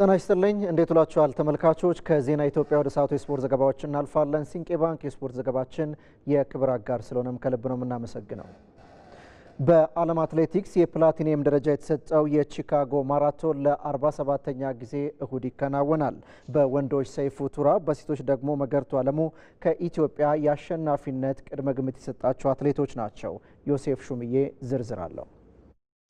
ጤና ይስጥልኝ እንዴት ውላችኋል ተመልካቾች። ከዜና ኢትዮጵያ ወደ ሰዓቱ የስፖርት ዘገባዎች እናልፋለን። ሲንቄ ባንክ የስፖርት ዘገባችን የክብር አጋር ስለሆነም ከልብ ነው የምናመሰግነው። በዓለም አትሌቲክስ የፕላቲኒየም ደረጃ የተሰጠው የቺካጎ ማራቶን ለ47ተኛ ጊዜ እሁድ ይከናወናል። በወንዶች ሰይፉ ቱራ፣ በሴቶች ደግሞ መገርቱ አለሙ ከኢትዮጵያ የአሸናፊነት ቅድመ ግምት የሰጣቸው አትሌቶች ናቸው። ዮሴፍ ሹምዬ ዝርዝር አለው።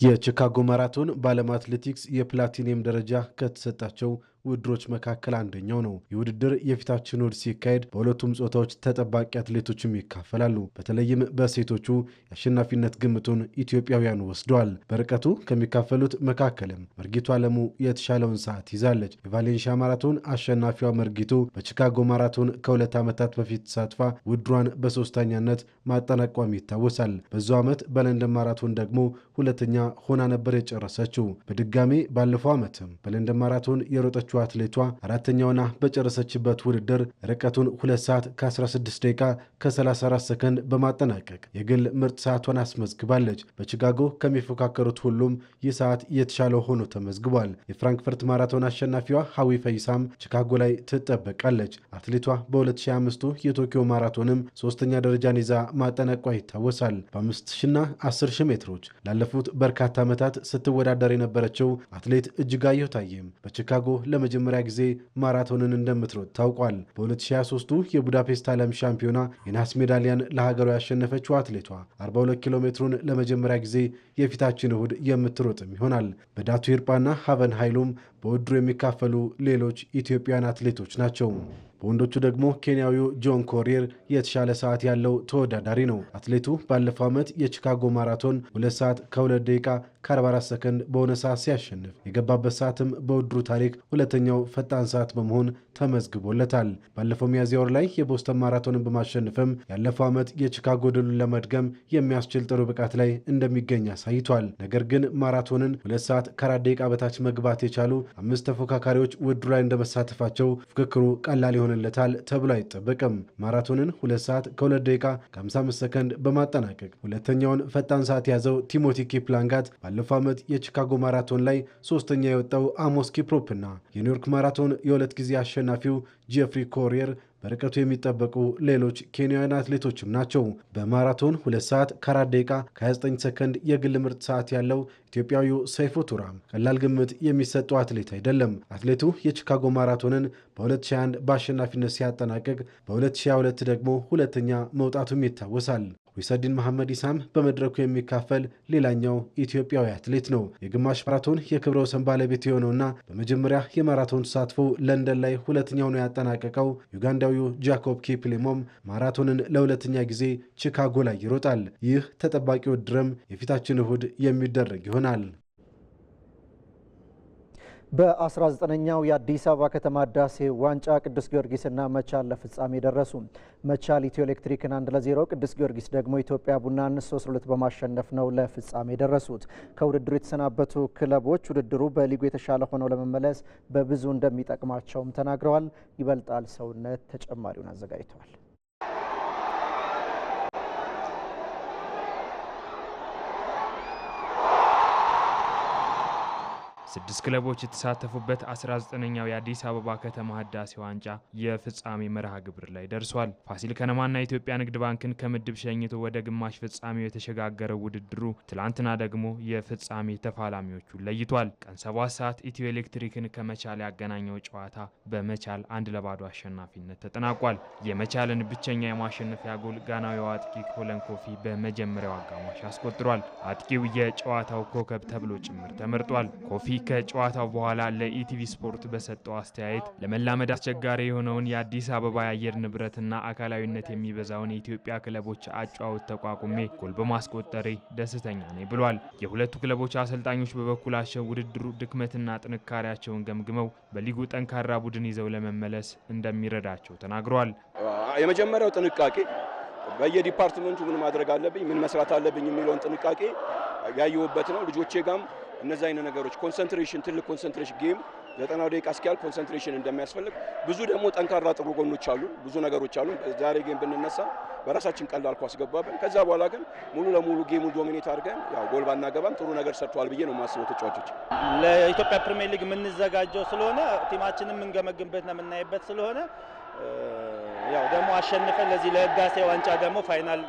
የቺካጎ ማራቶን በዓለም አትሌቲክስ የፕላቲኒየም ደረጃ ከተሰጣቸው ውድድሮች መካከል አንደኛው ነው። ይህ ውድድር የፊታችን እሁድ ሲካሄድ በሁለቱም ጾታዎች ተጠባቂ አትሌቶችም ይካፈላሉ። በተለይም በሴቶቹ የአሸናፊነት ግምቱን ኢትዮጵያውያኑ ወስደዋል። በርቀቱ ከሚካፈሉት መካከልም መርጊቱ አለሙ የተሻለውን ሰዓት ይዛለች። የቫሌንሺያ ማራቶን አሸናፊዋ መርጊቱ በቺካጎ ማራቶን ከሁለት ዓመታት በፊት ተሳትፋ ውድሯን በሶስተኛነት ማጠናቋም ይታወሳል። በዚሁ ዓመት በለንደን ማራቶን ደግሞ ሁለተኛ ሆና ነበር የጨረሰችው። በድጋሜ ባለፈው ዓመትም በለንደን ማራቶን የሮጠችው የሆነችው አትሌቷ አራተኛውና በጨረሰችበት ውድድር ርቀቱን 2 ሰዓት ከ16 ደቂቃ ከ34 ሰከንድ በማጠናቀቅ የግል ምርጥ ሰዓቷን አስመዝግባለች። በቺካጎ ከሚፎካከሩት ሁሉም ይህ ሰዓት የተሻለ ሆኖ ተመዝግቧል። የፍራንክፈርት ማራቶን አሸናፊዋ ሀዊ ፈይሳም ቺካጎ ላይ ትጠበቃለች። አትሌቷ በ2005ቱ የቶኪዮ ማራቶንም ሶስተኛ ደረጃን ይዛ ማጠናቋ ይታወሳል። 5 ና 10000 ሜትሮች ላለፉት በርካታ ዓመታት ስትወዳደር የነበረችው አትሌት እጅጋየሁ ታዬም በቺካጎ ለመ ለመጀመሪያ ጊዜ ማራቶንን እንደምትሮጥ ታውቋል። በ2023ቱ የቡዳፔስት ዓለም ሻምፒዮና የናስ ሜዳሊያን ለሀገሯ ያሸነፈችው አትሌቷ 42 ኪሎ ሜትሩን ለመጀመሪያ ጊዜ የፊታችን እሁድ የምትሮጥም ይሆናል። በዳቱ ሂርጳና ሀቨን ኃይሉም በውድድሩ የሚካፈሉ ሌሎች ኢትዮጵያን አትሌቶች ናቸው። በወንዶቹ ደግሞ ኬንያዊው ጆን ኮሪር የተሻለ ሰዓት ያለው ተወዳዳሪ ነው። አትሌቱ ባለፈው ዓመት የቺካጎ ማራቶን 2 ሰዓት ከ2 ደቂቃ ከ44 ሰከንድ በሆነ ሰዓት ሲያሸንፍ የገባበት ሰዓትም በውድድሩ ታሪክ ሁለተኛው ፈጣን ሰዓት በመሆን ተመዝግቦለታል። ባለፈው ሚያዝያ ወር ላይ የቦስተን ማራቶንን በማሸነፍም ያለፈው ዓመት የቺካጎ ድሉን ለመድገም የሚያስችል ጥሩ ብቃት ላይ እንደሚገኝ አሳይቷል። ነገር ግን ማራቶንን ሁለት ሰዓት ከአራት ደቂቃ በታች መግባት የቻሉ አምስት ተፎካካሪዎች ውድድሩ ላይ እንደመሳተፋቸው ፍክክሩ ቀላል ይሆንለታል ተብሎ አይጠበቅም። ማራቶንን ሁለት ሰዓት ከሁለት ደቂቃ ከ55 ሰከንድ በማጠናቀቅ ሁለተኛውን ፈጣን ሰዓት የያዘው ቲሞቲ ኪፕላንጋት ባለፈው ዓመት የቺካጎ ማራቶን ላይ ሶስተኛ የወጣው አሞስ ኪፕሮፕና የኒውዮርክ ማራቶን የሁለት ጊዜ አሸ አሸናፊው ጄፍሪ ኮሪየር በርቀቱ የሚጠበቁ ሌሎች ኬንያውያን አትሌቶችም ናቸው። በማራቶን 2 ሰዓት ከ4 ደቂቃ ከ29 ሰከንድ የግል ምርጥ ሰዓት ያለው ኢትዮጵያዊው ሰይፉ ቱራ ቀላል ግምት የሚሰጠው አትሌት አይደለም። አትሌቱ የቺካጎ ማራቶንን በ2021 በአሸናፊነት ሲያጠናቅቅ በ2022 ደግሞ ሁለተኛ መውጣቱም ይታወሳል። ዊሰዲን መሐመድ ኢሳም በመድረኩ የሚካፈል ሌላኛው ኢትዮጵያዊ አትሌት ነው። የግማሽ ማራቶን የክብረ ወሰን ባለቤት የሆነውና በመጀመሪያ የማራቶን ተሳትፎ ለንደን ላይ ሁለተኛው ነው ያጠናቀቀው ዩጋንዳዊው ጃኮብ ኬፕሌሞም ማራቶንን ለሁለተኛ ጊዜ ቺካጎ ላይ ይሮጣል። ይህ ተጠባቂ ውድድርም የፊታችን እሁድ የሚደረግ ይሆናል። በ19ኛው የአዲስ አበባ ከተማ ህዳሴ ዋንጫ ቅዱስ ጊዮርጊስና መቻል ለፍጻሜ ደረሱ። መቻል ኢትዮ ኤሌክትሪክን አንድ ለዜሮ፣ ቅዱስ ጊዮርጊስ ደግሞ ኢትዮጵያ ቡናን ሶስት ሁለት በማሸነፍ ነው ለፍጻሜ የደረሱት። ከውድድሩ የተሰናበቱ ክለቦች ውድድሩ በሊጉ የተሻለ ሆነው ለመመለስ በብዙ እንደሚጠቅማቸውም ተናግረዋል። ይበልጣል ሰውነት ተጨማሪውን አዘጋጅተዋል። ስድስት ክለቦች የተሳተፉበት 19ኛው የአዲስ አበባ ከተማ ህዳሴ ዋንጫ የፍጻሜ መርሃ ግብር ላይ ደርሷል። ፋሲል ከነማና የኢትዮጵያ ንግድ ባንክን ከምድብ ሸኝቶ ወደ ግማሽ ፍጻሜው የተሸጋገረው ውድድሩ ትላንትና ደግሞ የፍጻሜ ተፋላሚዎቹን ለይቷል። ቀን ሰባት ሰዓት ኢትዮ ኤሌክትሪክን ከመቻል ያገናኘው ጨዋታ በመቻል አንድ ለባዶ አሸናፊነት ተጠናቋል። የመቻልን ብቸኛ የማሸነፊያ ጎል ጋናዊው አጥቂ ኮለንኮፊ በመጀመሪያው አጋማሽ አስቆጥሯል። አጥቂው የጨዋታው ኮከብ ተብሎ ጭምር ተመርጧል። ኮፊ ከጨዋታው በኋላ ለኢቲቪ ስፖርት በሰጠው አስተያየት ለመላመድ አስቸጋሪ የሆነውን የአዲስ አበባ የአየር ንብረትና አካላዊነት የሚበዛውን የኢትዮጵያ ክለቦች አጫወት ተቋቁሜ ጎል በማስቆጠሬ ደስተኛ ነኝ ብሏል። የሁለቱ ክለቦች አሰልጣኞች በበኩላቸው ውድድሩ ድክመትና ጥንካሬያቸውን ገምግመው በሊጉ ጠንካራ ቡድን ይዘው ለመመለስ እንደሚረዳቸው ተናግሯል። የመጀመሪያው ጥንቃቄ በየዲፓርትመንቱ ምን ማድረግ አለብኝ፣ ምን መስራት አለብኝ የሚለውን ጥንቃቄ ያየሁበት ነው። ልጆቼ ጋም እነዚህ አይነት ነገሮች ኮንሰንትሬሽን፣ ትልቅ ኮንሰንትሬሽን ጌም ዘጠናው ደቂቃ እስኪያል ኮንሰንትሬሽን እንደሚያስፈልግ ብዙ ደግሞ ጠንካራ ጥሩ ጎኖች አሉ፣ ብዙ ነገሮች አሉ። ዛሬ ጌም ብንነሳ በራሳችን ቀላል ኳስ ገባብን። ከዛ በኋላ ግን ሙሉ ለሙሉ ጌሙ ዶሚኔት አድርገን ያው ጎል ባናገባም ጥሩ ነገር ሰርቷል ብዬ ነው የማስበው። ተጫዋቾች ለኢትዮጵያ ፕሪሚየር ሊግ የምንዘጋጀው ስለሆነ ቲማችንም የምንገመግምበት ነው የምናይበት ስለሆነ ያው ደግሞ አሸንፈን ለዚህ ለህዳሴ ዋንጫ ደግሞ ፋይናል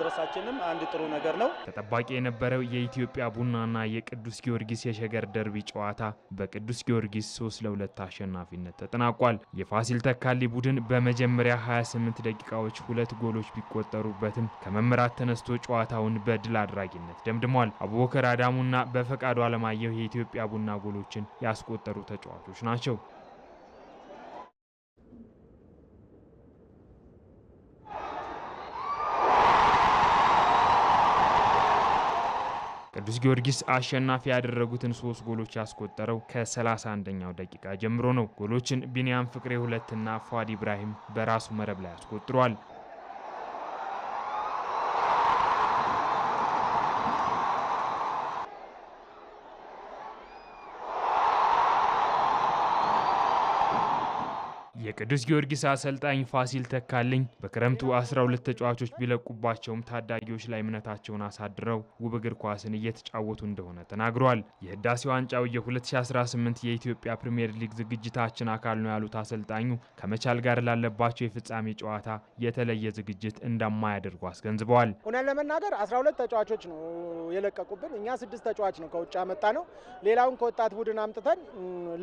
መድረሳችንም አንድ ጥሩ ነገር ነው። ተጠባቂ የነበረው የኢትዮጵያ ቡናና የቅዱስ ጊዮርጊስ የሸገር ደርቢ ጨዋታ በቅዱስ ጊዮርጊስ 3 ለሁለት አሸናፊነት ተጠናቋል። የፋሲል ተካሊ ቡድን በመጀመሪያ 28 ደቂቃዎች ሁለት ጎሎች ቢቆጠሩበትም ከመምራት ተነስቶ ጨዋታውን በድል አድራጊነት ደምድሟል። አቡበከር አዳሙና በፈቃዱ አለማየሁ የኢትዮጵያ ቡና ጎሎችን ያስቆጠሩ ተጫዋቾች ናቸው። ቅዱስ ጊዮርጊስ አሸናፊ ያደረጉትን ሶስት ጎሎች ያስቆጠረው ከ31ኛው ደቂቃ ጀምሮ ነው። ጎሎችን ቢንያም ፍቅሬ ሁለትና ፏድ ኢብራሂም በራሱ መረብ ላይ አስቆጥሯል። ቅዱስ ጊዮርጊስ አሰልጣኝ ፋሲል ተካልኝ በክረምቱ 12 ተጫዋቾች ቢለቁባቸውም ታዳጊዎች ላይ እምነታቸውን አሳድረው ውብ እግር ኳስን እየተጫወቱ እንደሆነ ተናግሯል። የህዳሴ ዋንጫው የ2018 የኢትዮጵያ ፕሪምየር ሊግ ዝግጅታችን አካል ነው ያሉት አሰልጣኙ ከመቻል ጋር ላለባቸው የፍጻሜ ጨዋታ የተለየ ዝግጅት እንደማያደርጉ አስገንዝበዋል። እውነት ለመናገር 12 ተጫዋቾች ነው የለቀቁብን። እኛ ስድስት ተጫዋች ነው ከውጭ መጣ ነው። ሌላውን ከወጣት ቡድን አምጥተን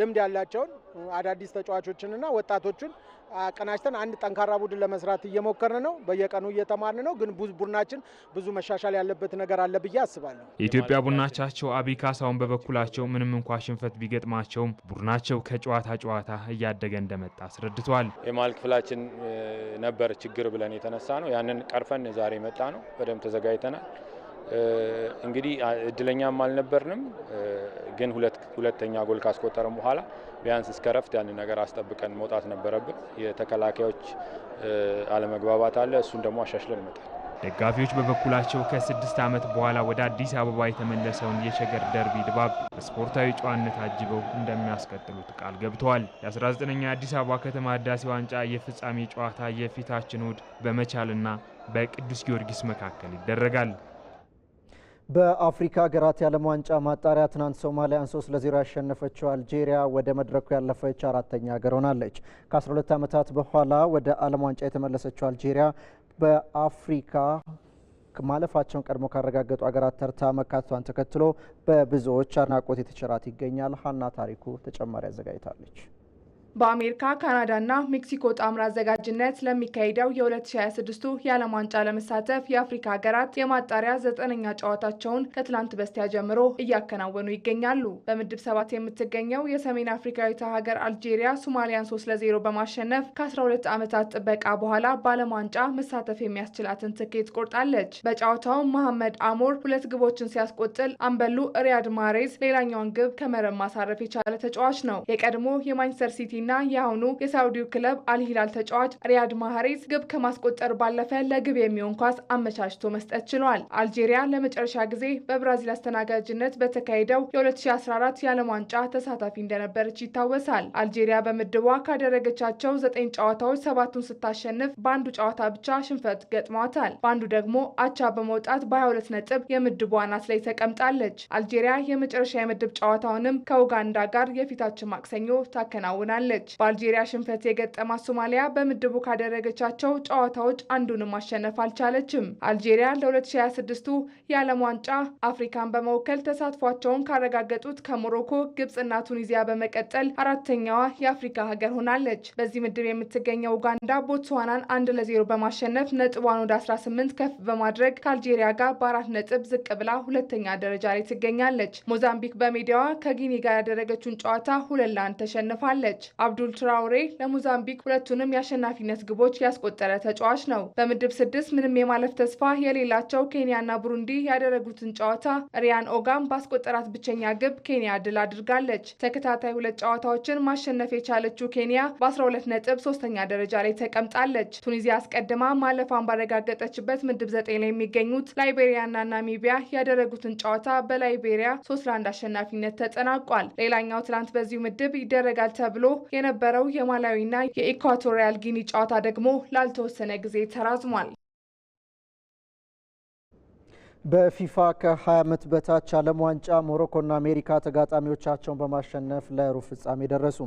ልምድ ያላቸውን አዳዲስ ተጫዋቾችንና ወጣቶቹ ቡድናችን አቀናጅተን አንድ ጠንካራ ቡድን ለመስራት እየሞከርን ነው። በየቀኑ እየተማርን ነው። ግን ቡድናችን ብዙ መሻሻል ያለበት ነገር አለ ብዬ አስባለሁ። የኢትዮጵያ ቡድናቻቸው አቻቸው አብይ በበኩላቸው ምንም እንኳ ሽንፈት ቢገጥማቸውም ቡድናቸው ከጨዋታ ጨዋታ እያደገ እንደመጣ አስረድተዋል። የመሀል ክፍላችን ነበር ችግር ብለን የተነሳ ነው። ያንን ቀርፈን ዛሬ መጣ ነው። በደንብ ተዘጋጅተናል። እንግዲህ እድለኛም አልነበርንም፣ ግን ሁለተኛ ጎል ካስቆጠረም በኋላ ቢያንስ እስከ ረፍት ያን ነገር አስጠብቀን መውጣት ነበረብን። የተከላካዮች አለመግባባት አለ፣ እሱን ደግሞ አሻሽለን መጣል። ደጋፊዎች በበኩላቸው ከስድስት ዓመት በኋላ ወደ አዲስ አበባ የተመለሰውን የሸገር ደርቢ ድባብ በስፖርታዊ ጨዋነት አጅበው እንደሚያስቀጥሉት ቃል ገብተዋል። የ19ኛ የአዲስ አበባ ከተማ ህዳሴ ዋንጫ የፍጻሜ ጨዋታ የፊታችን እሁድ በመቻልና በቅዱስ ጊዮርጊስ መካከል ይደረጋል። በአፍሪካ ሀገራት የዓለም ዋንጫ ማጣሪያ ትናንት ሶማሊያን ሶስት ለዜሮ ያሸነፈችው አልጄሪያ ወደ መድረኩ ያለፈች አራተኛ ሀገር ሆናለች። ከ12 ዓመታት በኋላ ወደ ዓለም ዋንጫ የተመለሰችው አልጄሪያ በአፍሪካ ማለፋቸውን ቀድሞ ካረጋገጡ ሀገራት ተርታ መካተቷን ተከትሎ በብዙዎች አድናቆት የተቸራት ይገኛል። ሀና ታሪኩ ተጨማሪ አዘጋጅታለች። በአሜሪካ ካናዳና ሜክሲኮ ጣምራ አዘጋጅነት ለሚካሄደው የ2026ቱ የዓለም ዋንጫ ለመሳተፍ የአፍሪካ ሀገራት የማጣሪያ ዘጠነኛ ጨዋታቸውን ከትላንት በስቲያ ጀምሮ እያከናወኑ ይገኛሉ። በምድብ ሰባት የምትገኘው የሰሜን አፍሪካዊቷ ሀገር አልጄሪያ ሶማሊያን 3 ለዜሮ በማሸነፍ ከ12 ዓመታት ጥበቃ በኋላ በዓለም ዋንጫ መሳተፍ የሚያስችላትን ትኬት ቆርጣለች። በጨዋታው መሐመድ አሞር ሁለት ግቦችን ሲያስቆጥል አምበሉ ሪያድ ማሬዝ ሌላኛውን ግብ ከመረብ ማሳረፍ የቻለ ተጫዋች ነው። የቀድሞ የማንቸስተር ሲቲ ና የአሁኑ የሳውዲው ክለብ አልሂላል ተጫዋች ሪያድ ማህሬዝ ግብ ከማስቆጠር ባለፈ ለግብ የሚሆን ኳስ አመቻችቶ መስጠት ችሏል። አልጄሪያ ለመጨረሻ ጊዜ በብራዚል አስተናጋጅነት በተካሄደው የ2014 የዓለም ዋንጫ ተሳታፊ እንደነበረች ይታወሳል። አልጄሪያ በምድቧ ካደረገቻቸው ዘጠኝ ጨዋታዎች ሰባቱን ስታሸንፍ በአንዱ ጨዋታ ብቻ ሽንፈት ገጥሟታል። በአንዱ ደግሞ አቻ በመውጣት በ22 ነጥብ የምድቧ አናት ላይ ተቀምጣለች። አልጄሪያ የመጨረሻ የምድብ ጨዋታውንም ከኡጋንዳ ጋር የፊታችን ማክሰኞ ታከናውናለች። አሸንፋለች። በአልጄሪያ ሽንፈት የገጠማት ሶማሊያ በምድቡ ካደረገቻቸው ጨዋታዎች አንዱንም ማሸነፍ አልቻለችም። አልጄሪያ ለ2026ቱ የዓለም ዋንጫ አፍሪካን በመወከል ተሳትፏቸውን ካረጋገጡት ከሞሮኮ፣ ግብፅና ቱኒዚያ በመቀጠል አራተኛዋ የአፍሪካ ሀገር ሆናለች። በዚህ ምድብ የምትገኘው ኡጋንዳ ቦትስዋናን አንድ ለዜሮ በማሸነፍ ነጥቧን ወደ 18 ከፍ በማድረግ ከአልጄሪያ ጋር በአራት ነጥብ ዝቅ ብላ ሁለተኛ ደረጃ ላይ ትገኛለች። ሞዛምቢክ በሜዳዋ ከጊኒ ጋር ያደረገችውን ጨዋታ ሁለት ለአንድ ተሸንፋለች። አብዱል ትራውሬ ለሞዛምቢክ ሁለቱንም የአሸናፊነት ግቦች ያስቆጠረ ተጫዋች ነው። በምድብ ስድስት ምንም የማለፍ ተስፋ የሌላቸው ኬንያና ቡሩንዲ ያደረጉትን ጨዋታ ሪያን ኦጋም ባስቆጠራት ብቸኛ ግብ ኬንያ ድል አድርጋለች። ተከታታይ ሁለት ጨዋታዎችን ማሸነፍ የቻለችው ኬንያ በ12 ነጥብ ሶስተኛ ደረጃ ላይ ተቀምጣለች። ቱኒዚያ አስቀድማ ማለፏን ባረጋገጠችበት ምድብ ዘጠኝ ላይ የሚገኙት ላይቤሪያና ናሚቢያ ያደረጉትን ጨዋታ በላይቤሪያ ሶስት ለአንድ አሸናፊነት ተጠናቋል። ሌላኛው ትናንት በዚሁ ምድብ ይደረጋል ተብሎ የነበረው የማላዊና የኢኳቶሪያል ጊኒ ጨዋታ ደግሞ ላልተወሰነ ጊዜ ተራዝሟል። በፊፋ ከ20 ዓመት በታች ዓለም ዋንጫ ሞሮኮና አሜሪካ ተጋጣሚዎቻቸውን በማሸነፍ ለሩብ ፍጻሜ ደረሱ።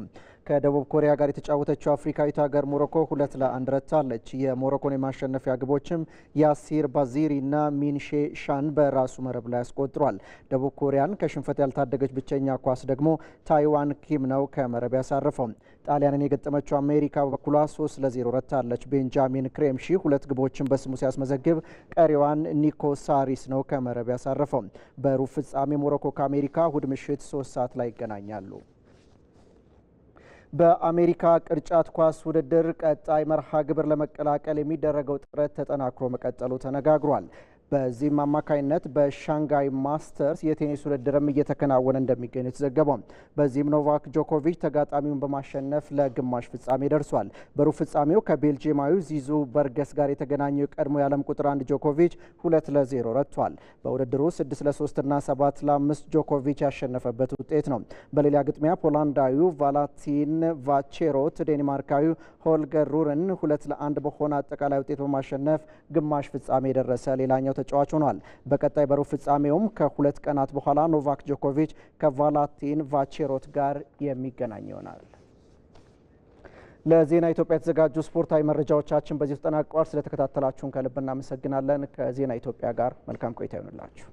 ከደቡብ ኮሪያ ጋር የተጫወተችው አፍሪካዊት ሀገር ሞሮኮ ሁለት ለአንድ ረታለች። የሞሮኮን የማሸነፊያ ግቦችም ያሲር ባዚሪና ሚንሼ ሻን በራሱ መረብ ላይ አስቆጥሯል። ደቡብ ኮሪያን ከሽንፈት ያልታደገች ብቸኛ ኳስ ደግሞ ታይዋን ኪም ነው ከመረብ ያሳረፈው። ጣሊያንን የገጠመችው አሜሪካ በበኩሏ ሶስት ለዜሮ ረታለች። ቤንጃሚን ክሬምሺ ሁለት ግቦችን በስሙ ሲያስመዘግብ ቀሪዋን ኒኮ ሳሪስ ነው ከመረብ ያሳረፈው። በሩብ ፍጻሜ ሞሮኮ ከአሜሪካ እሁድ ምሽት ሶስት ሰዓት ላይ ይገናኛሉ። በአሜሪካ ቅርጫት ኳስ ውድድር ቀጣይ መርሃ ግብር ለመቀላቀል የሚደረገው ጥረት ተጠናክሮ መቀጠሉ ተነጋግሯል። በዚህም አማካኝነት በሻንጋይ ማስተርስ የቴኒስ ውድድርም እየተከናወነ እንደሚገኝ የተዘገበው። በዚህም ኖቫክ ጆኮቪች ተጋጣሚውን በማሸነፍ ለግማሽ ፍጻሜ ደርሷል። በሩብ ፍጻሜው ከቤልጅየማዊ ዚዙ በርገስ ጋር የተገናኘው የቀድሞ የዓለም ቁጥር አንድ ጆኮቪች ሁለት ለዜሮ ረቷል። በውድድሩ ስድስት ና ሰባት ለአምስት ጆኮቪች ያሸነፈበት ውጤት ነው። በሌላ ግጥሚያ ፖላንዳዊው ቫላቲን ቫቼሮት ዴንማርካዊው ሆልገር ሩርን ሁለት ለአንድ በሆነ አጠቃላይ ውጤት በማሸነፍ ግማሽ ፍጻሜ የደረሰ ሌላኛው ተጫዋች ሆኗል። በቀጣይ በሩብ ፍጻሜውም ከሁለት ቀናት በኋላ ኖቫክ ጆኮቪች ከቫላንቲን ቫቼሮት ጋር የሚገናኝ ይሆናል። ለዜና ኢትዮጵያ የተዘጋጁ ስፖርታዊ መረጃዎቻችን በዚህ ተጠናቀዋል ስለተከታተላችሁን ከልብ እናመሰግናለን። ከዜና ኢትዮጵያ ጋር መልካም ቆይታ ይሆንላችሁ።